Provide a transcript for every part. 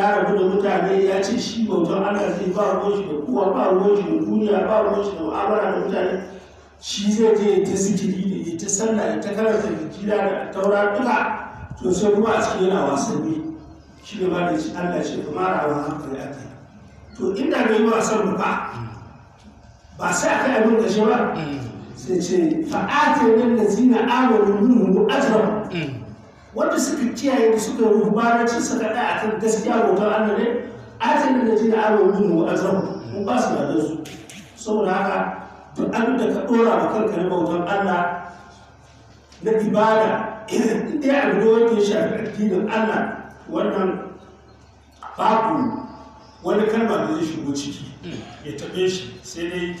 ya rabu da mutane ya ce shi bautan Allah zai ba ruwan shi da kuwa, ba ruwan shi da duniya ba ruwan shi da mu'amala da mutane shi zai je ta zikiri da ya ta sallah ya ta karanta gida da taura duka to sai kuma a cikin yana wasanni shi ne ba da shi Allah shi kuma rawan hankali ake to inda bai yi wasan ba ba sai a kai abin da shi ba mm. sai ce fa'atin nan da zina amanu mu ajran mm. wanda suka kiyaye da suka su kaɗa ɗaya akan gaskiya bautar Allah ne atin da ji da aro min mu zan mu ba su da su saboda haka duk abin da ka dora ma kanka na bautan Allah na ibada inda ya abu wanda ya shafi addinin Allah wannan babu wani kalma da zai shigo ciki ya taɓe shi sai dai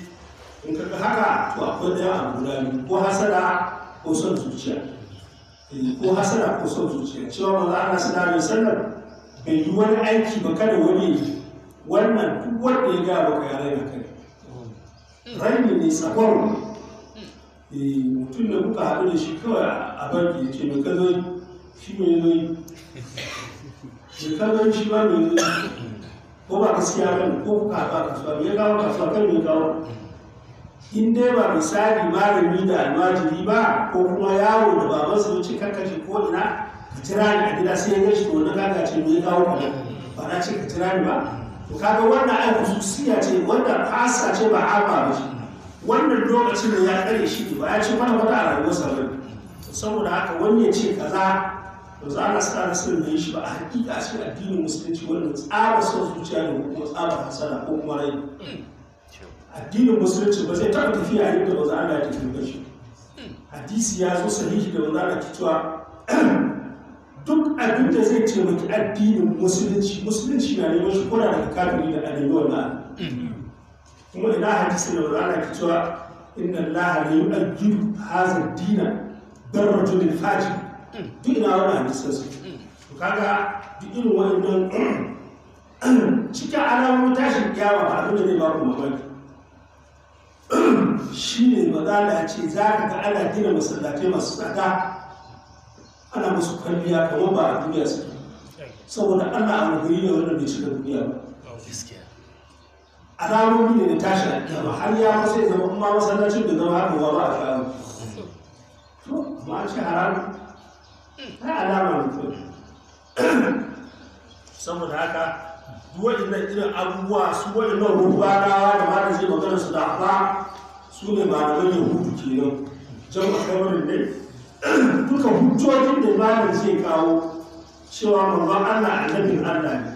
in kaga haka to akwai ɗaya abu guda ko hasada ko son zuciya ko hasara ko son zuciya cewa a Allah sallallahu alaihi sanar bai yi wani aiki ba kada wani yi wannan duk wanda ya ga baka ya raina kai raini ne sakon eh, mutum da muka haɗu da shi kawai a banki ya ce mai kazo shi mai zoyi mai kazo shi ba mai zoyi ko ba gaskiya ba ko ka ba ka suwa ya kawo kasuwa kan mai kawo in dai ba misali malami da almajiri ba ko kuma yawo da ba masu wuce karkashi ko ina ka tira ni a gida sai ya gashi wani na ce mai ya kawo ka ba na ce ka tira ni ba to kaga wannan aiki khususiya ce wanda fasa ce ba haba ba shi wannan lokacin da ya kare shi ba ya ce mana wata a rayuwarsa ba saboda haka wani ya ce kaza to za a sa nasarar da shi ba a hakika a cikin addinin musulunci wannan tsara son zuciya da kuma tsara hasara ko kuma rai addinin musulunci ba zai taɓa tafiya yadda ba Allah ya yake cikin shi hadisi ya zo sahihi da manzo Allah cewa duk abin da zai taimaki addinin musulunci musulunci na neman shi kuna da kafiri da alayyi wannan kuma ina hadisi da manzo Allah cewa inda Allah la yu'ajjidu hadha ad-dina darajul al faji duk ina wani hadisar su kaga duk irin don cikin alamun tashin kyawa ba abin da zai ba ku mamaki shi ne magana ce za ka ga ana gina masallatai masu tsada ana musu kwalliya kamar ba a duniya su saboda ana a ne wanda bai shiga duniya ba alamomi ne na tashi a har ya kusa ya zama kuma masallacin da zama haka ba a shawo to amma an ce haramu ta alama ne to saboda haka waɗannan irin abubuwa su waɗannan rubanawa da mara su ne malaman yahudu nan can a ne duka hujjojin da malam ce kawo cewa mamman allah annabin allah ne